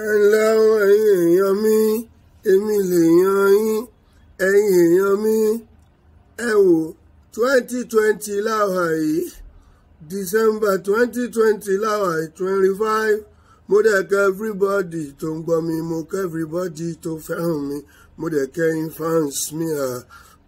ẹ lẹ́wọ̀n ẹ̀yin èèyàn mi èmi lèèyàn yín ẹ̀yin èèyàn mi ẹ wò twenty láwà yìí december 2020 twenty láwà yìí twenty five mo dẹ̀ kẹ́ everybody tó ń gbọ́ mi mo kẹ́ everybody tó fẹ́ràn mi mo dẹ̀ kẹ́ in fans mi à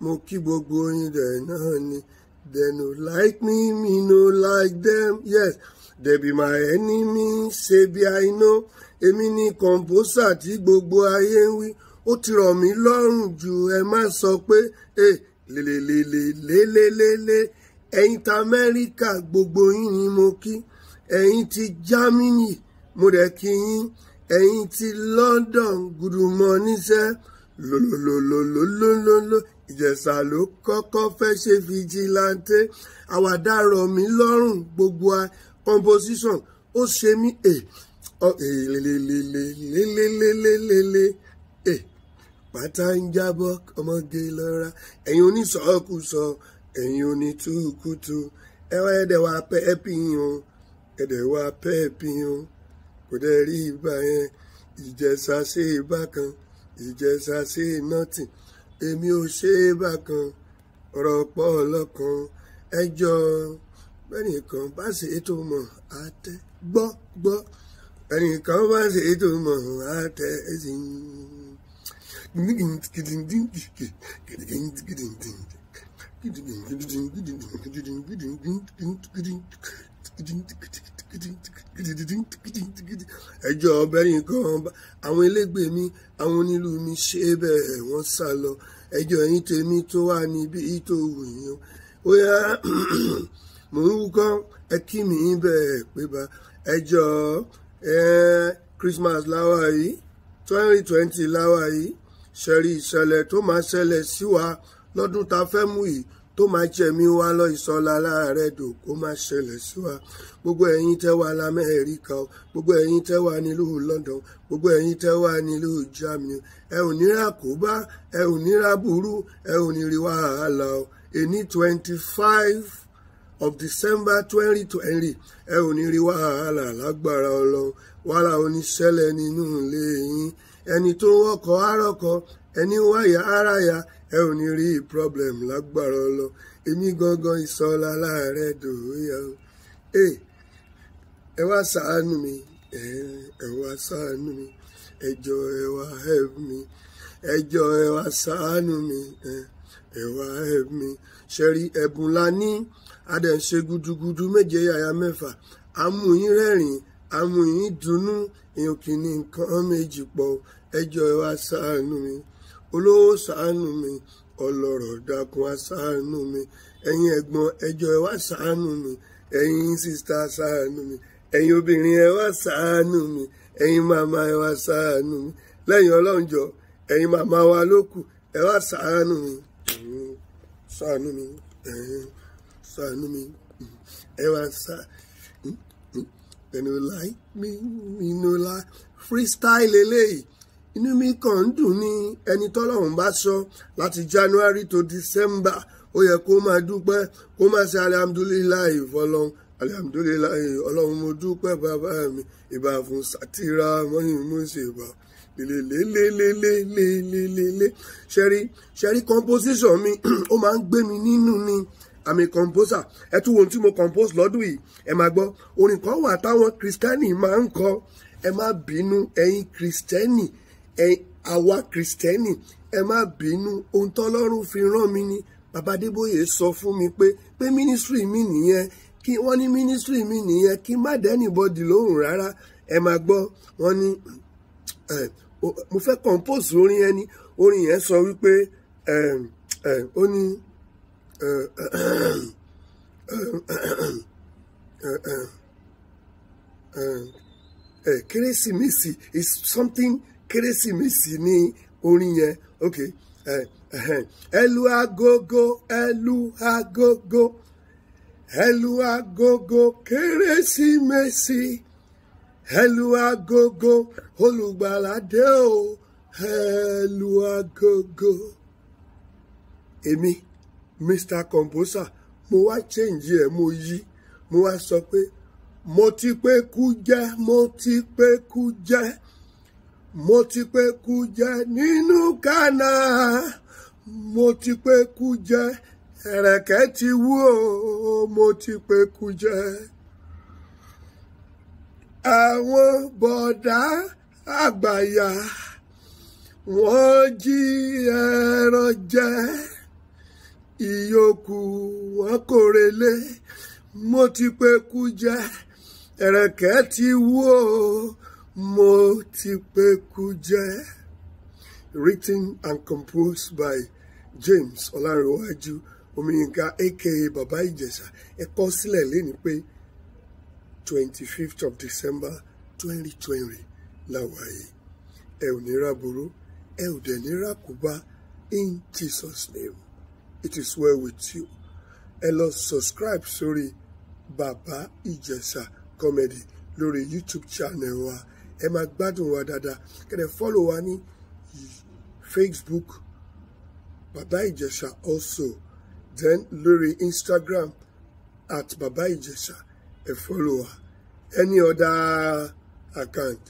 mo kí gbogbo yín dẹ̀ náà ni. They no like me, me no like them. Yes, they be my enemy, Say be I know. Èmi ni kọ̀m̀pọ́sà tí gbogbo ayé ń wí. Ó ti rọ̀ mí lele lele lele lele. sọ pé ẹ lélelelelelelele. Ẹ̀yin ta Amẹ́ríkà gbogbo yín ni mo Germany mo dẹ̀ London good morning sir lòlòlòlòlòlòlò ìjẹ̀ṣà ló kọ́kọ́ fẹ́ ṣe fìjìláńtẹ́ àwàdà rọ̀ mí lọ́rùn gbogbo a composition ó ṣe mí è lélelelelelelelele è ìjẹsà sí nothing èmi ò ṣe é bákan ọ̀rọ̀ pọ̀ ọlọ́kan ẹjọ́ ẹnìkan bá ṣe é tó mọ̀ àtẹ gbọ́ gbọ́ ẹnìkan bá ṣe é tó mọ̀ àtẹ ẹsì ń ẹjọ́ ọbẹ̀rin kan àwọn elégbè mi àwọn onílù mi ṣe bẹ́ẹ̀ wọ́n sá lọ ẹjọ́ ẹ̀yìn tèmi tó wà níbi tó wù yín ó yá mò ń wúkọ́ ẹ kí mi bẹ́ẹ̀ pé bá ẹjọ́ Christmas láwa yìí twenty twenty láwa yìí ṣẹ̀rí ìṣẹ̀lẹ̀ tó máa ṣẹlẹ̀ sí wa lọ́dún tá a mú yìí tó máa jẹ̀mí wa lọ ìsọ̀la láàárẹ̀ dò kó máa ṣẹlẹ̀ sí wa gbogbo ẹ̀yin tẹ́ wà lamẹ́ríkà o gbogbo ẹ̀yin tẹ́ wà nílùú London gbogbo ẹ̀yin tẹ́ wà nílùú Germany ẹ ò ní ra kóbá ẹ ò ní ra burú ẹ ò ní rí wàhálà o èní twenty five of December twenty twenty ẹ ò ní rí wàhálà lágbára Ọlọ́run wàhálà oníṣẹ́lẹ̀ nínú ilé yín ẹni tó wọ́kọ̀ á ẹni wáyà ara ya ẹ ò ní rí problem lágbára ọlọ èmi gangan ìsọlá láàárẹ dòóyà o ẹ wá ṣàánú mi ẹ wá ṣàánú mi ẹ jọ̀ọ́ ẹ wá help mi ẹ jọ̀ọ́ ẹ wá ṣàánú mi ẹ wá help mi ṣẹrí ẹbùn la ní adẹ̀ṣe gudugudu méje yàyà mẹ́fà amúyín rẹ́rìn amúyín dunnú èèyàn kìíní nǹkan méjì pọ̀ ẹ jọ̀ọ́ ẹ wá ṣàánú mi. olówó ṣàánú mi ọlọ́rọ̀ dákun aṣàánú mi ẹ̀yin ẹ̀gbọ́n ẹjọ́ ẹ wá ṣàánú mi ẹ̀yin sísítà ṣàánú mi ẹ̀yin obìnrin ẹ wá ṣàánú mi ẹyin màmá ẹ wá mi màmá wa ló ẹ wá ṣàánú mi ṣàánú mi mi inú mi kàn ń dùn ní ẹni tọ́lọ́run bá sọ láti January to December ó yẹ kó máa dúpẹ́ kó máa ṣe alihamudulilayi fọlọ́n alihamudulilayi ọlọ́run mo dúpẹ́ bàbá mi ìbà fún sátira mọ́yìn mo ṣe ìbà lélelélélélélélélé ṣẹ́rí ṣẹ́rí composition mi ó máa ń gbé mi nínú ni àmì composer ẹ tún wo tí mo compose lọ́dún yìí ẹ máa gbọ́ orin kan wà táwọn kristẹni máa ń kọ ẹ má bínú ẹ̀yin kristẹni àwa kìrìsìtẹ́nì ẹ má bínú ohun tọ́lọ́run fi rán mi ni bàbá Adébóyè sọ fún mi pé pé mínísírì mi nìyẹn kí wọ́n ní mínísírì mi nìyẹn kí má dẹ́nìbọ̀dì lóhùn rárá ẹ máa gbọ́ wọ́n ní mo fẹ́ compose orin yẹn ni orin yẹn sọ wípé ó ní kérésìmesì is something kérésìmesì ni orin yẹn ok ẹlù agogo ẹlù agogo ẹlù agogo kérésìmesì ẹlù agogo olùgbàládé o ẹlù agogo èmi mr composer mo wá change ẹ mo yí mo wá sọ pé mo ti pé kú jẹ́ mo ti pé kú jẹ́ mo ti pẹ́kú jẹ ninu kánà mo ti pẹ́kú jẹ ẹ̀rẹ̀kẹ́ ti wú o mo ti pẹ́kú jẹ. àwọn bọ̀dá àgbàyà wọn jí ẹran jẹ ìyókù mo ti pẹ́kú jẹ ti Motipekuje, written and composed by James Olarewaju Omiyinka aka Baba Ijesha. Ẹ̀kọ́ sílẹ̀ lẹ́ni pé twenty fifth of December twenty twenty láwàyè. Ẹ ò ní ráburú, ẹ ò dẹ̀ ní rákùbá in Jesus name. It is well with you. Ẹ lọ subscribe sórí Baba Ijesa comedy lórí YouTube channel wa ẹ máa gbádùn wa dáadáa kẹ́dẹ̀ fọ́lò wa ní Facebook Bàbá Ìjẹ̀ṣà also then lórí Instagram at Bàbá Ìjẹ̀ṣà ẹ fọ́lò wa any other account